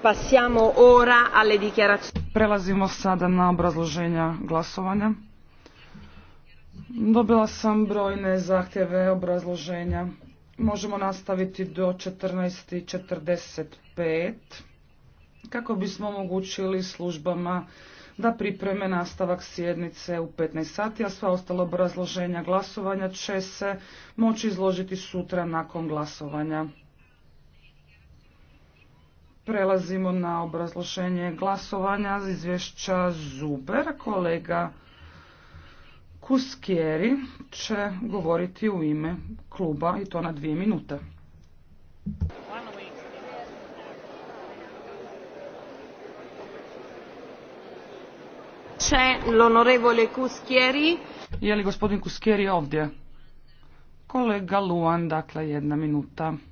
Passiamo ora alle dichiarazioni. Prelazimo sada na obrazloženja glasovanja. Dobila sam brojne zahtjeve obrazloženja. Možemo nastaviti do 14.45 kako bismo omogućili službama da pripreme nastavak sjednice u 15 sati, a sva ostala obrazloženja glasovanja će se moći izložiti sutra nakon glasovanja. Prelazimo na obrazlošenje glasovanja izvješća Zuber. Kolega Kuskjeri će govoriti u ime kluba i to na dvije minute. Je li gospodin Kuskjeri ovdje? Kolega Luan, dakle jedna minuta.